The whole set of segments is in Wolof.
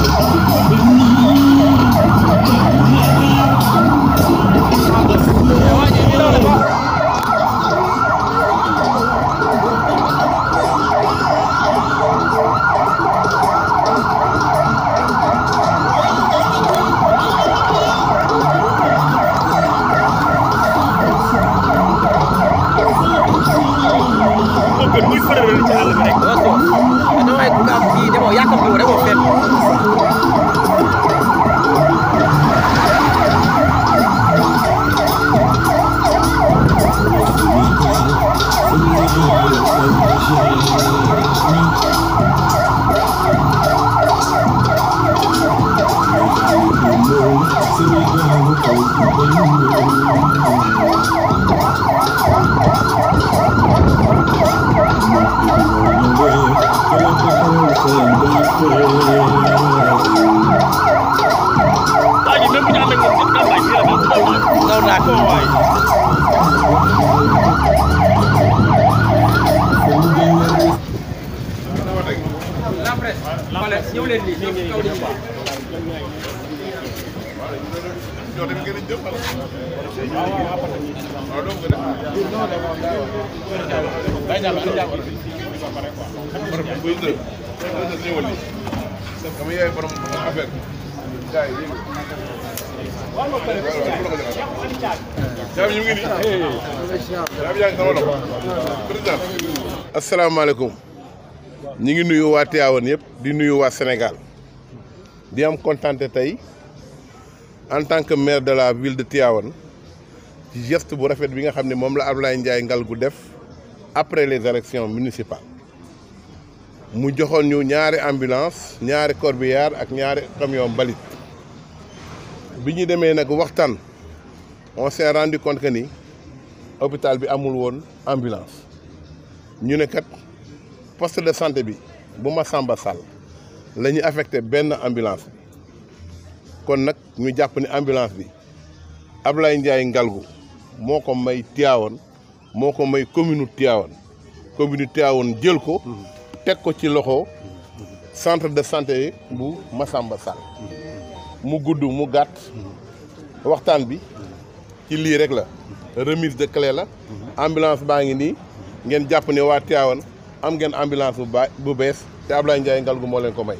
Oh, Assalamu alaikum Nous sommes à Tiawan Sénégal en tant que maire de la ville de Tiawan geste bu rafet bi nga Ndiaye après les élections municipales mu joxoon ñu ñaari ambulance ñaari corbillard ak ñaari camion mbalit bi ñu demee nag waxtaan on s'est rendu compte que ni hôpital bi amul woon ambulance ñu ne kat poste de santé bi bu ma Samba Sall la ñu affecté benn ambulance kon nag ñu jàpp ni ambulance bi Ablaye Ndiaye Ngalgu moo ko may Tivaouane moo ko may commune Tivaouane commune Tivaouane jël ko mhm. teg ko ci loxo centre de santé bu Massamba sal mu gudd mu gàtt waxtan bi ci li rek la remise de clé la ambulance baangi ni nii ngeen jàpp ne waa am ngeen ambulance bu baa bu bees te Ablaye Ndiaye gu mo len ko may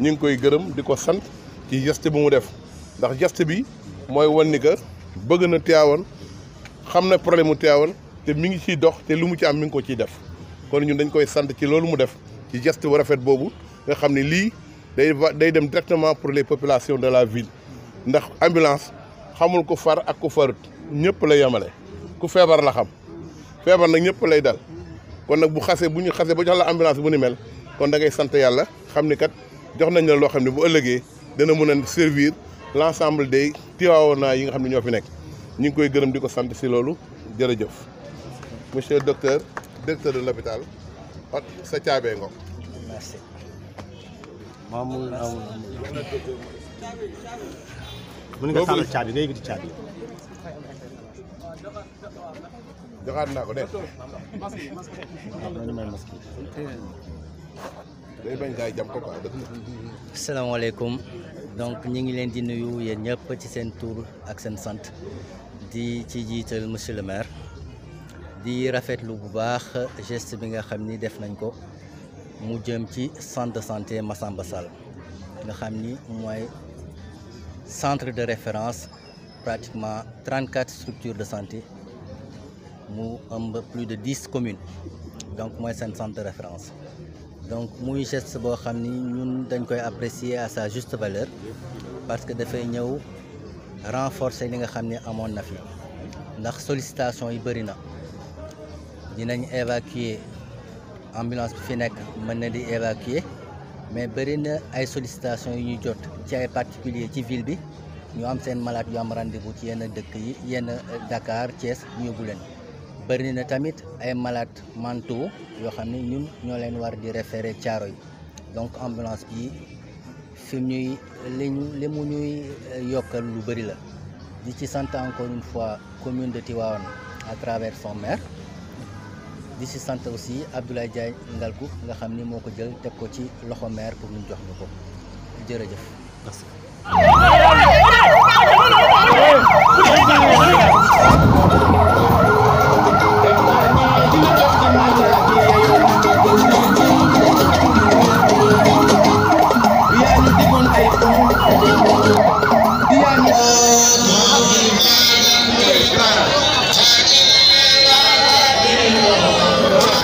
ñing koy gëreum diko sante ci geste bu mu def ndax geste bi moy wonni ni bëgg na Tivaouane xam problème mu Tivaouane te mi ngi ci dox te lu mu ci am mi ngi ko ci def kon ñun dañ koy sant ci loolu mu def ci geste bu rafet boobu nga xam ne lii day day dem directement pour les populations de la ville ndax ambulance xamul ku far ak ku farut ñëpp la yemale ku feebar la xam feebar nag ñëpp lay dal kon nag bu xasee bu ñu xasee ba jox la ambulance bu ni mel kon da ngay sant yàlla xam ni kat jox nañ la loo xam ne bu ëllëgee dana mën a servir l' ensemble des Tivaouanois yi nga xam ne ñoo fi nekk ñu ngi koy gërëm di ko sant si loolu jërëjëf monsieur docteur. directeur de l'hôpital ot sa caabee ngoog merci maamul amul mën nga tàllal caabi nga yëgiti caabi joxaat naa ko de day bañ gaay jam ko quoi donc ñi ngi leen di nuyu yéen ñëpp ci seen tur ak seen sant di ci jiital monsieur le maire di rafetlu bu baax geste bi nga xamni def nañ ko mu jëm ci centre de santé Massamba Sall nga xamni moy centre de référence pratiquement 34 structures de santé mu a plus de 10 communes donc moy un centre de référence donc muy geste que xamni ñun dañ koy apprécier à sa juste valeur parce que fay ñew renforcer li nga xamni ni na fi ndax sollicitation yi bari na dinañ évacuer ambulance bi fi nek mëna di évacuer mais bari na ay sollicitation yu ñu jot ci ay particuliers ci ville bi ñu am seen malade yu am rendez-vous ci yenn dëkk yi yenn eh, Dakar Thiès ñu bu len bari na tamit ay malade manto yo xamni ñun ñoo leen war di référer caaro yi donc ambulance bi fi ñuy li limu ñuy eh, yokal lu bari la di ci sante encore une fois commune de Tiwaone à travers son maire di si sant aussi Abdoulaye Diagne Ngalgou nga xam ni moo ko jël teg ko ci loxo maire pour ñu jox ñu ko jërëjëf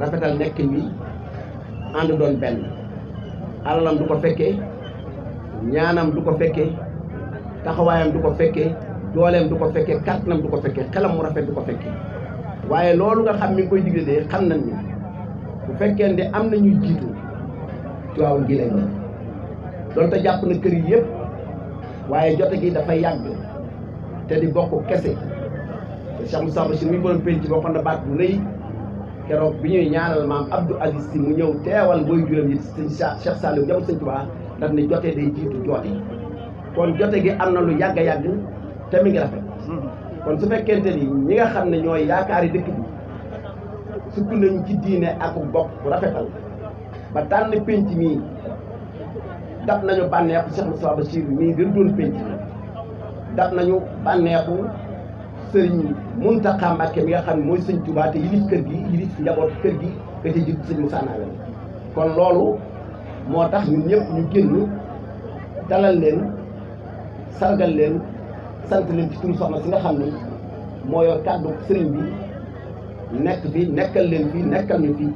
rafetal nekkin bi ànd doon benn alalam du ko fekkee ñaanam du ko fekkee taxawaayam du ko fekke dooleem du ko fekkee kàttanam du ko fekkee xelam mu rafet du ko fekkee waaye loolu nga xam mi koy digle de xam nañ ni bu fekkee am na ñuy jiitu Tiwaawan gi lañ doonte jàpp na kër yi yëpp waaye jote gi dafa yàgg te di bokk kese te Cheikh Moussa Bachir mi ngi borom penc na baat bu rëy. keroog bi ñuy ñaanal maam Abdou Aziz si mu ñëw teewal booy juram yi sëñ Cheikh Saliou jam sëñ Tuubaa daf ne jotee day jiitu joote kon jote gi am na lu yàgg a yàgg te mi ngi rafet kon su fekkente ni ñi nga xam ne ñooy yaakaari dëkk bi sukk nañ ci diine ak bokk rafetal ba tànn pénc mii dab nañu bànneexu Cheikh Moustapha Bachir mii gën doon pénc dab nañu bànneexu sëriñ Muntaxa Mbàkke mi nga xam mooy sëñ Tuubaa te yilif kër gi yilif njaboot kër gi nga ci jiitu sëñ Moussa Nalla kon loolu moo tax ñun ñëpp ñu génn dalal leen sargal leen sant leen ci turu soxna si nga xam ne moo yor kàddu sëriñ bi nekk bi nekkal leen fii nekkal ñu fii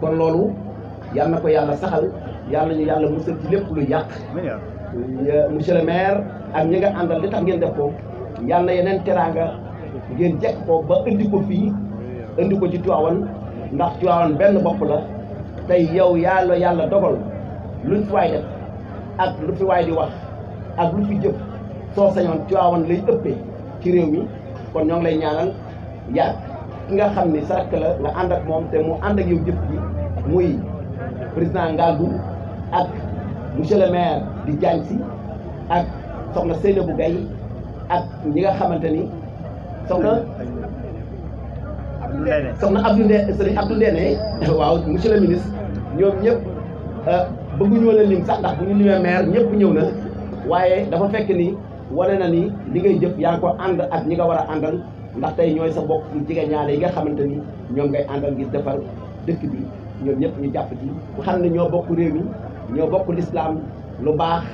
kon loolu yal na ko yàlla saxal yàlla ñu yàlla musal ci lépp lu yàq mu le maire ak ñi nga àndal li tax ngeen def ko yalla yenen teranga ngeen jek ko ba indi ko fi indi ko ci tuawal ndax tuawal benn bop la tay yow yalla yalla dogal lu fi way def ak lu fi way di wax ak lu fi jëf so sañoon tuawal lay ëppee ci rew mi kon ñong lay ñaanal ya nga xamni sak la nga and ak mom te mu and ak yow jëf ji muy président Ngalgu ak monsieur le maire di jansi ak soxna bu gay ak ñi nga xamante ni na soxna Abdou Ndéné sëriñ Abdou Ndéné waaw monsieur le ministre ñoom ñëpp euh, bëgguñoo la lim sax ndax bu ñu limee maire ñëpp ñëw na waaye dafa fekk ni wane na ni li ngay jëf yaa ngi ko ànd ak ñi nga war a àndal ndax tey ñooy sa bokk jigéen ñaale yi nga xamante ni ñoom ngay àndal ngir defar dëkk bi ñoom ñëpp ñu jàpp ci xam ne ñoo bokk réew mi ñoo bokk lislaam lu baax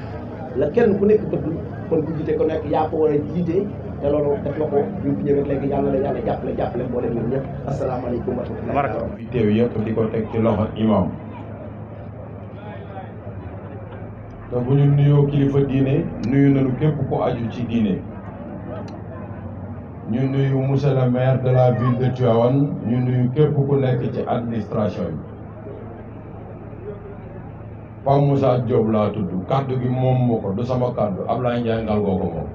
la kenn ku nekk bëgg kon bu jiite ko nekk yaa ko war a jiite te loolu def la ko ñu fi la jàppale jàppale mboolem ñun ñëpp asalaamaaleykum wa rahmatulah. fi teew yëpp di ko teg ci loxo imaam te bu ñu nuyoo kilifa diine nuyu nañu képp ko aju ci diine ñu nuyu monsieur le maire de la ville de Tivaouane ñu nuyu képp ku nekk ci administration bi. Pape Musa Diop laa tudd kàddu gi moom moo du sama Njay ngal goko mom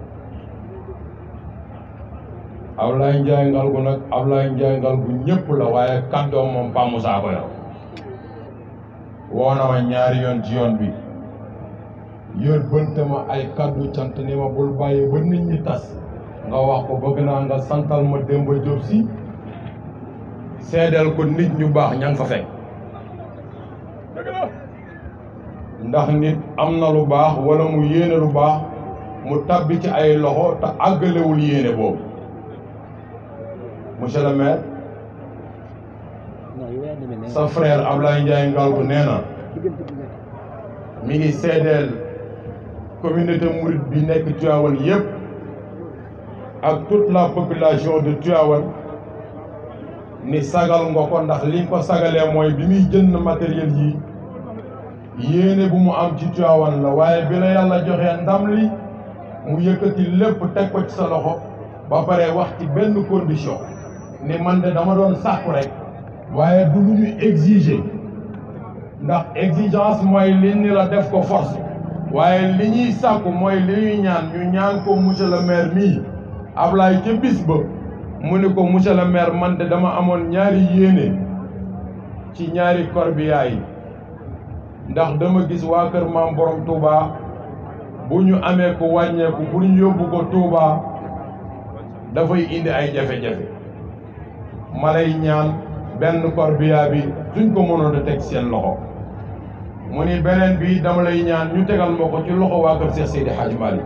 ko Njay ngal go nak nag Njay ngal Ngalgoo ñepp la waye kàddoom mom Pape Musa ko yow wona ma ci yoon bi yor bënte ma ay kado cant ne ma bul baye ba nit ñi tas nga wax ko bëgg na nga santal ma Demba Diop si sédel ko nit ñu bax ñang fa fekk ndax nit am na lu baax wala mu yéene lu baax mu tabbi ci ay loxo te àggalewul yéene boobu monsieur le maire sa frère Ablaye Ndiaye Ngalgou nee na mi ngi seedeel communauté mouride bi nekk Tivaouane yépp ak toute la population de Tivaouane ni sagal nga ko ndax li ko sagalee mooy bi muy jënd matériel yi yéene bu mu am ci Tiwaawan la waaye bi la yàlla joxee ndam li mu yëkkati lépp te ko ci sa loxo ba pare wax ci benn condition ne man de dama doon sàkku rek waaye du lu ñu exiger ndax exigence mooy li ni la def ko force waaye li ñuy sàkku mooy li ñuy ñaan ñu ñaan ko monsieur le maire mii Ablaye ca bis mu ne ko monsieur le maire man de dama amoon ñaari yéene ci ñaari corbillard yi ndax dama gis waa kër maam borom Touba bu ñu amee ko wàññeeku bu ñu yóbbu ko Touba dafay indi ay jafe-jafe ma ñaan benn corbillard bi duñ ko mënoon a teg seen loxo mu ni beneen bi dama lay ñaan ñu tegal ma ko ci loxo waa kër Cheikh Seydi Hadj Malick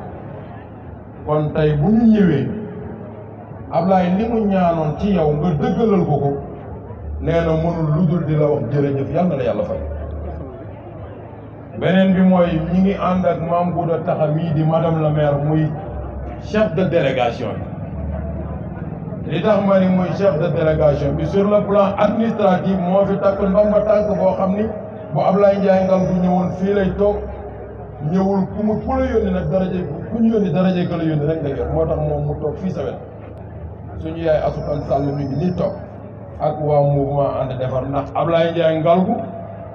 kon tey bu ñu ab Ablaye li mu ñaanoon ci yow nga dëggalal ko ko nee na mënul lu dul di la wax jërëjëf yàlla na la yàlla fay. benen bi moy ñi ngi and ak mam gudo taxami di madame la maire muy chef de délégation li tax ma ni muy chef de délégation bi sur le plan administratif mo fi tak ndongo tànk tank bo xamni bu Ablaye Ndiaye ngal bu ñëwoon fi lay tok ñewul ku mu ku la yónni nag daraje ku ñu yoni daraaje ko la yónni rek da yor motax mom mu tok fi sa suñu yaay asukan sàll mi ngi nii ak wa mouvement and defar ndax Ablaye Ndiaye ngalgu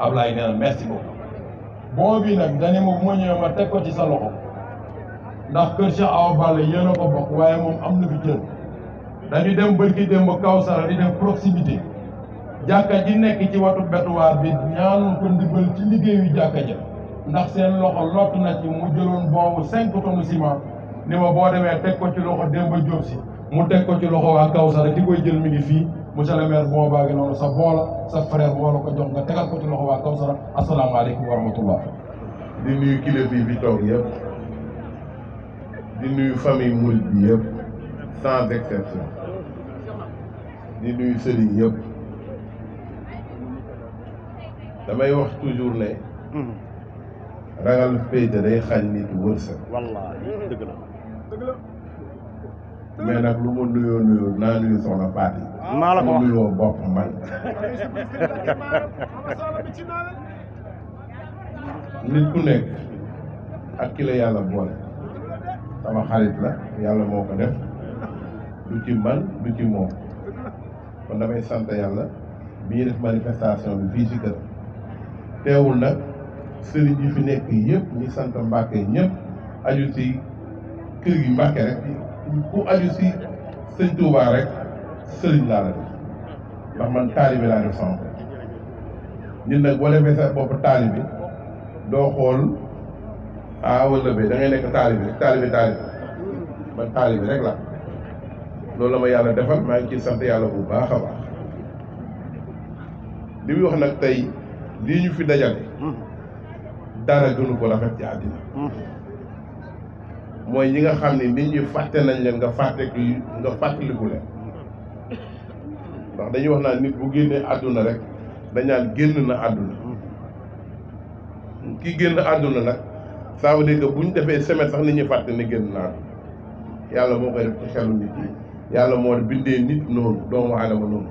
Ablaye nee na merci beaucoup bon bi nag dane ma bu ma teg ko ci sa loxo ndax kër Cheikh Awa Balla yéen a ko bokk waaye moom am na fi jël dañu dem bërki dem ba Kawsara di def proximité jàkka ji nekk ci watu betuwaar bi ñaanu ko ndimbal ci liggéeyu jàkka ja ndax seen loxo lott na ci mu jëloon boobu cinq tonnes ciment ni ma boo demee teg ko ci loxo Demba Diop si mu teg ko ci loxo waa Kawsara ki koy jël mi ngi fii monsieur le maire bon baa noonu sa boola sa frère moo ko jox nga tegal ko ci loxo waa Kawsara asalaamaaleykum wa rahmatullah di nuyu kilifa yi fi toog yëpp di nuyu famille murid bi yëpp sans exception di nuyu sëriñ damay wax toujours le mm-hmm. ragal féete day xañ nit wërsëg wallaahi mais lu ma nuyoo nuyoo naa nuyu soxna Faty. maa la ko wax nuyoo bopp man. nit ku nekk ak ki la yàlla boole sama xarit la yàlla moo ko def du ci man du ci moom kon damay sant yàlla bi ñuy def manifestation bi fii ci kër teewul nag sëriñ yi fi nekk yëpp ñi sant Mbàkke ñëpp aju ci kër gi Mbàkke rek. ku aju si sëñ Touba rek sëriñ laa la def ndax man taalibe laa def sama ñun nag boo defee sa bopp taalibe doo xool a ah, wala be da nekk taalibe taalibe taalibe man taalibe rek la loolu la ma yàlla defal maa ngi ciy sant yàlla bu baax a baax li muy wax nag tey lii ñu fi dajale hmm. dara gënu ko rafet ci àddina hmm. mooy ñi nga xam ne nit ñi fàtte nañ leen nga fàtte ku nga fàttaliku leen ndax dañuy wax naa nit bu génnee àdduna rek dañaan génn na àdduna ki génn àdduna nag ça veut bu ñu defee semaine sax nit ñi fàtte ne génn na yàlla moo koy def yi yàlla moo bindee nit noonu doomu aadama noonu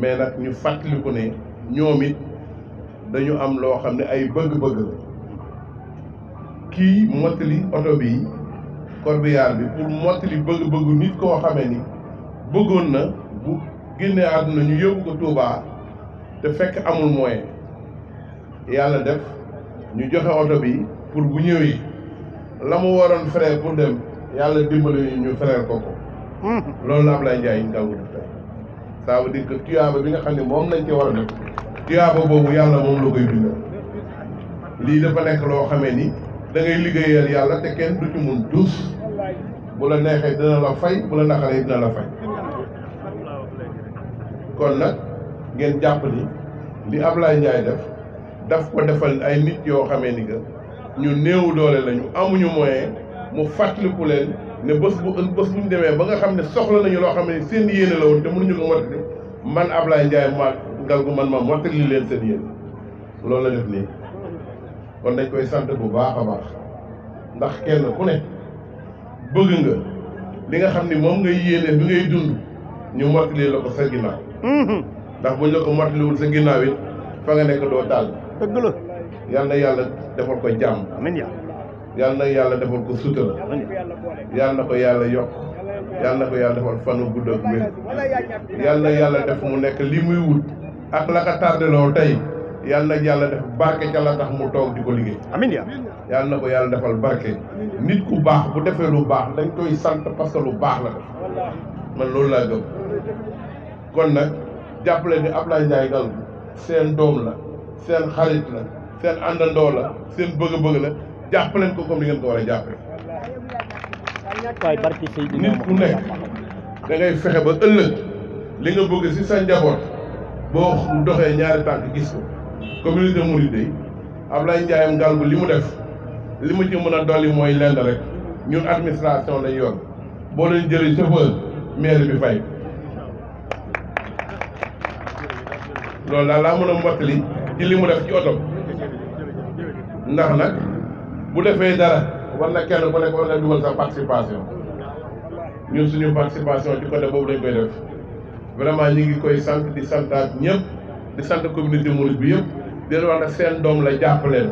mais nag ñu fàttaliku ne ñoom it dañu am loo xam ne ay bëgg-bëgg la kii mottali oto bi corbillard bi pour mottali bëgg-bëggu nit koo xamee ni bëggoon na bu génnee àdduna ñu yóbbu ko Touba te fekk amul moyen yàlla def ñu joxe oto bi pour bu ñëwee la mu waroon frère pour dem yàlla dimbali ñu frère ko ko loolu la Ablaye Ndiaye ñu dawul def tey ça veut dire tuyaaba bi nga xam ne moom lañ ci war a def tuyaaba boobu yàlla moom la koy bindal lii dafa nekk loo xamee ni da ngay yàlla te kenn du ci mun duus bu la neexee dina la fay bu la naqaree dina la fay kon nag ngeen jàpp ni li Ablaye Ndiaye def daf ko defal ay nit yoo xamee ni que ñu néew doole lañu amuñu moyen mu fàttaliku leen ne bés bu bés bu ñu demee ba nga xam ne soxla nañu loo xam ne seen yéene la woon te mënuñu ko mottali man Ablaye Ndiaye maa ngal gu man ma mottali leen seen yéene loolu la def nii. kon dañ koy sant bu baax a baax ndax kenn ku ne bëgg nga li nga xam ni moom nga yéene bi ngay dund ñu mottali ko sa ginnaaw mhm. ndax buñ la ko sa ginnaaw fa nga nekk doo taal dëgg la yàlla defal ko jàmm amiin na yàlla defal ko sutura yal na ko yàlla yokk yal na ko yàlla defal fanu gudd ak wér yal yàlla def mu nekk lii muy wut ak la ka tardé yalla yalla def barke ci la tax mu tok diko ko amin ya yalla yàlla na ko yàlla defal barke. nit ku bax bu defé lu bax dañ koy sante parce que lu bax la def man loolu la gëm. kon nak jappalé ni Ablaye ndaye gal sen dom la sen xarit la sen andando la sen bëgg-bëgg la jappalé ko comme ni ngeen ko wara jappé war sey jàppale. nit ku nekk da ngay fexé ba ëllëg li nga bëgg ci sa njabot bo doxé ñaari tank gis ko. communauté Mouride Ablaye Ndiaye Ngalgu li mu def li mu ci mën a dolli mooy lenn rek ñun administration lañ yor boo leen jëlee chauffeur maire bi fay. loolu daal laa mën a mottali ci li mu def ci oto ndax nag bu defee dara war na kenn ku nekk war na dugal sa participation ñun suñu participation ci côté boobu lañ koy def vraiment ñu ngi koy sant di santaat ñëpp di sant communauté Mouride bi yëpp. del wax ne seen doom la jàppaleen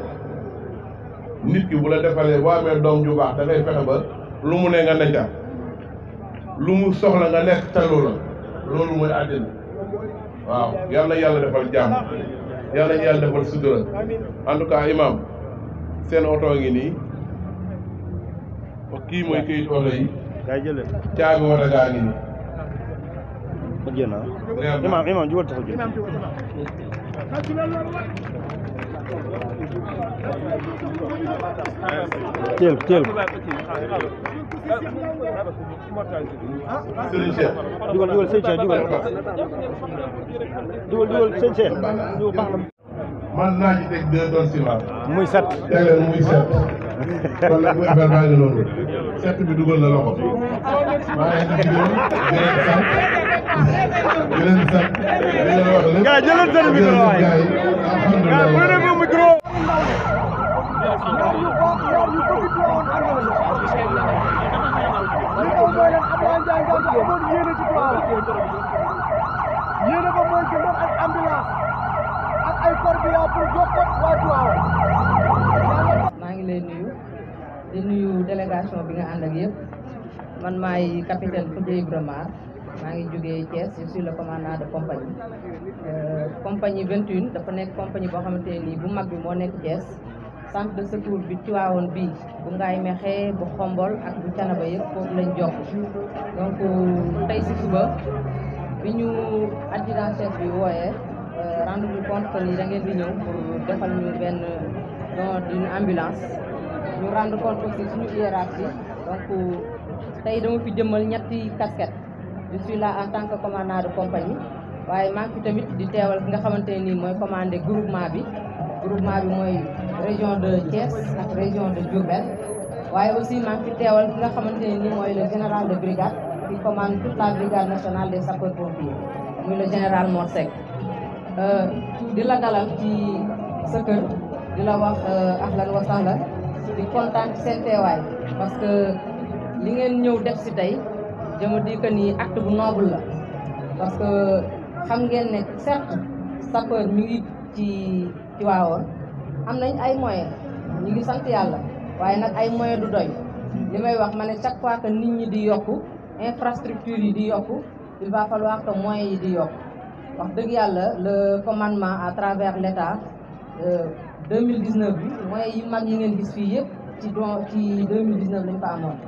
nit ki bu la defalee boo doom ju baax da ngay fexe ba lu mu ne nga ne lu mu soxla nga nekk talu la loolu mooy àddina waaw yal na yàlla defal jàmm yal na yàlla defal sutura en tout seen oto ngi nii kii mooy këyit oto yi caabi wata gaa ngi nii dafa génn ah. imaam imaam jubal dafa génn. teel teel. Serigne Cheikh. jubal jubal Serigne Cheikh jubal. jubal jubal Serigne Cheikh. man naa ci teg deux tonnes ciment. muy set. teg leen muy set. kon nag muy affaire baa ngi noonu. set bi dugal na loxo. maa ngi leen di gërëm di leen sant. di leen sant di ay ambulance ak ay corbillard pour jokkoo waa Tivaouane maa ngi lay nuyu di nuyu bi nga ànd ak yëpp man maay capitaine Foudé Ibrahima mangi ngi jógee Thiès je suis le commandant de compagnie euh compagnie 21 dafa nek compagnie bo xamanteni bu mag bi mo nek Thiès centre de secours bi Tivaouane bi bu ngay mexé bu Xombol ak bu tanaba yëpp foofu lañ jox donc euh, tay ci suba bi ñu adjudant chef bi wooyee euh, rendez vous compte que ni da ngeen di ñew pour defal ñu ben don d'une ambulance ñu rendre compte aussi suñu hiérarchie donc euh, tay dama fi jëmmal ñetti casquette je suis là en tant que commandant de compagnie waye ma ngi tamit di téwal ki nga xamanté ni moy commandé groupement bi groupement bi moy région de Thiès ak région de Diourbel waye aussi ma ngi téwal teewal nga xamanté ni moy le général de brigade qui commande toute la brigade nationale des sapeurs pompiers moy le général Morsek euh di la dalal ci sa kër di la wax euh ahlan wa sahlan di kontaan ci seen teewaay parce que li ngeen ñew def ci tay je di ko ni acte bu noble la parce que xam ngeen ne certes sapeur mi ngi ci ci waawoon am nañ ay moyen ñu ngi sant yàlla waaye nag ay moyen du doy li may wax ma ne chaque fois que nit ñi di yokku infrastructure yi di yokku il va falloir que moyen yi di yokku wax dëgg yàlla le commandement à travers l' état 2019 bi moyen yi mag yi ngeen gis fii yëpp ci don ci 2019 lañ ko amoon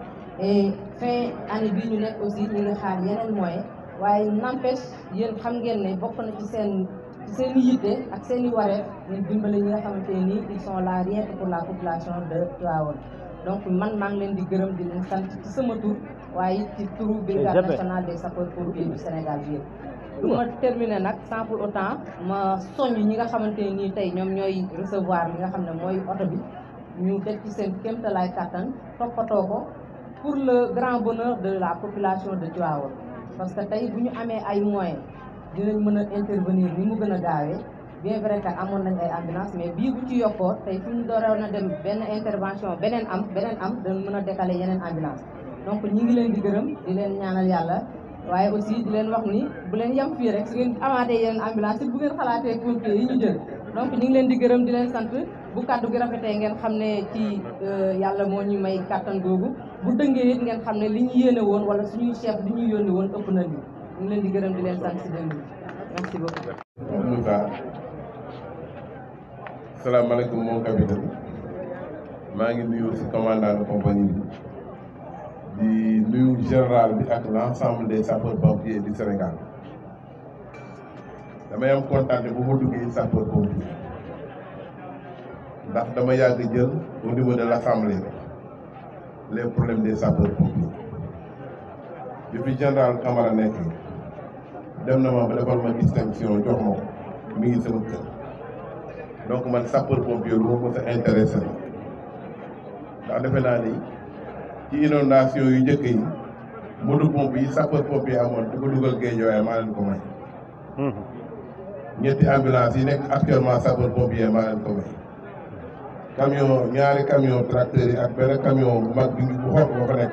et fin année bi ñu nekk aussi ñu ngi xaar yeneen moyens waaye n'empêche yéen xam ngeen ne bokk na ci seen ci seen yitte ak seen i wareef ngeen dimbale ñi nga xamante ni ils sont là rien que pour la population de Tivaouane donc man maa ngi leen di gërëm di leen sant ci sama tur waaye ci turu brigade national des sapeurs pompiers du Sénégal bi yëpp ma terminer nag sans pour autant ma soññ ñi nga xamante ni nii tey ñoom ñooy recevoir li nga xam ne mooy oto bi ñu def ci seen kéemtalaay kàttan toppatoo ko pour le grand bonheur de la population de Tivaouane parce que tay buñu amé ay moyens dinañ mën a intervenir ni mu gëna a bien vrai que amoon nañ ay ambulance mais bi bu ci yoko tay fuñu ñu dem ben intervention benen am benen am dañ mëna a décaler yeneen ambulance donc ñi ngi leen di gërëm di leen ñaanal Yalla waaye aussi di leen wax ni bu leen yam fii rek su ngeen amaatee yeneen ambulance bu ngeen xalaatee pompiers yi ñu jël donc ñu ngi leen di gërëm di leen sant bu kàddu gi rafetee ngeen xam ne ci euh, yàlla moo ñu may kàttan googu bu dëngee ngeen xam ne li ñu yéene woon wala suñuy seet li ñu yónni woon ëpp na li ñu leen di gërëm di leen sant si dëng bi merci beaucoup. en tout cas salaamaaleykum mon capitaine maa ngi nuyu si commandant de compagnie bi di nuyu général bi ak l' ensemble des sapeurs pompiers du Sénégal. damay am kontaan bu ma duggee sapeur pompier ndax dama yàgg jël au niveau de l'assemblée les problèmes des sapeurs pompiers depuis général Camara nekk dem na ma ba defal ma distinction jox ma ko mi ngi sama kër donc man sapeur pompier lu ma ko sa intéressé la ndax defe naa ni ci inondation yu njëkk yi moto pompe yi sapeur pompier amoon di ko dugal géej waaye maa leen ko may mhm. ñetti ambulance yi nekk actuellement sapeur pompier maa leen ko may camion ñaari camion tracteur yi ak benn camion bu mag bi bu xonq ba fa nekk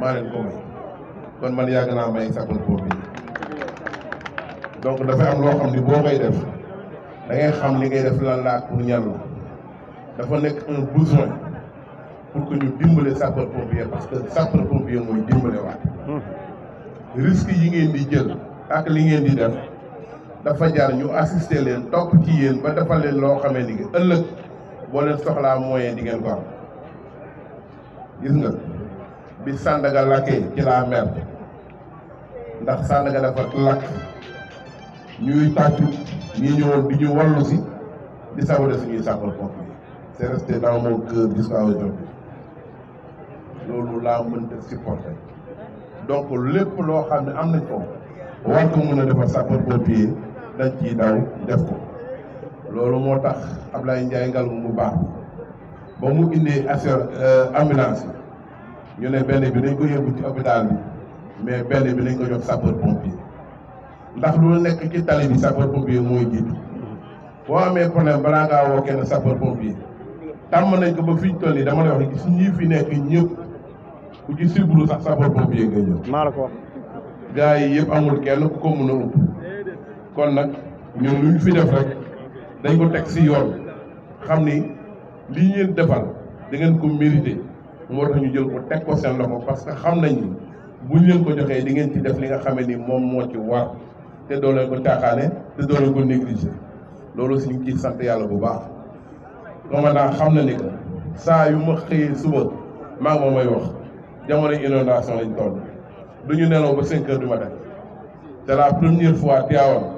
maa leen ko may kon man yàgg naa may sapeur pompier donc dafa am loo xam ni boo koy def da ngay xam li ngay def lan la ak pour ñan la dafa nekk un besoin pour que ñu dimbale sapeur pompier parce que sapeur pompier mooy dimbale waat hmm. risque yi ngeen di jël ak li ngeen di def dafa jar ñu assister leen topp ci yéen ba defal leen loo xamee ni ëllëg boo leen soxlaa moyen di ngeen ko am gis nga bi Sandaga lakkee ci laa mer ndax Sandaga dafa lakk ñuy tàccu ñi ñëwoon di ñu wallu si di sabade suñuy sapeurs-pompiers c'est resté dans mon cœur jusqu'à aujourd'hui loolu laa mën def supporter donc lépp loo xam ne am nañ ko war ko mën a defar sapeur pompier dañ ciy daw def ko loolu moo tax Ablaye Ndiaye Ngaloum mu baax ba mu indee affaire euh, ambulance ñu ne benn bi dañ ko yóbbu ci hôpital bi mais benn bi dañ ko jox sapeur pompier ndax lu nekk ci tali bi sapeur pompier mooy jiitu boo amee problème balaa ngaa woo kenn sapeur pompier tàmm nañ ko ba fi ñu toll nii dama lay wax gis ñi fi nekk ñëpp ku ci sibru sax sapeur pompier nga ñëw. maa la ko wax. gars yi yëpp amul kenn ku ko a kon nag ñun lu ñu fi def rek dañ ko teg si yoon xam ni lii ngeen defal da ngeen ko mérité moo tax ñu jël ko teg ko seen loxo parce que xam nañ ni buñ leen ko joxee di ngeen ci def li nga xamee ni moom moo ci war te doo leen ko caaxaane te doo ko négligé loolu si ñu ciy sant yàlla bu baax. commandant xam na ni saa yu ma xëyee suba maa ngi mooy wax jamono inondation lañ toll du ñu nelaw ba 5 heures du matin c'est la première fois Tivaouane.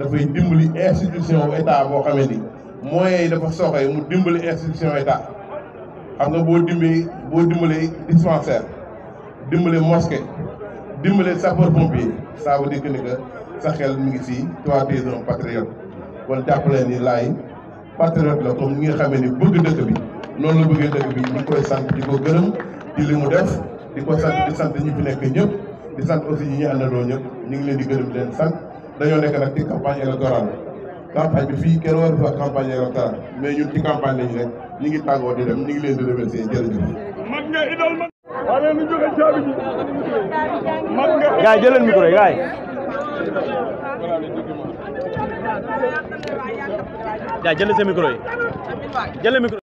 dafay dimbali institution wu état boo xamee ni moyens dafa soxee mu dimbali institution état xam nga bo dimbé bo dimbalee dispensaire dimbale mosquée dimbale sapeur pompier ça veut dire que sa xel mi ngi ci toi tu es un patriote kon jàppale ni lay patriote la comme ñi nga xamé ni bëgg dëkk bi noonu la bëggee dëkk bi ni koy sant diko ko di limu def diko ko sant di sant ñi fi nekk ñëpp di sant aussi ñi ñu àndandoo ñëpp ñu ngi leen di gërëm leen sant. dañoo nekk nag ci campagne électorale campagne bi fii kenn waru fa campagne électorale ci campagne lañu rek ñu ngi tàggoo di dem ñu ngi leen di remercier jërëjëf. mag nga idol mag. leen ñu joxe caabi ji. mag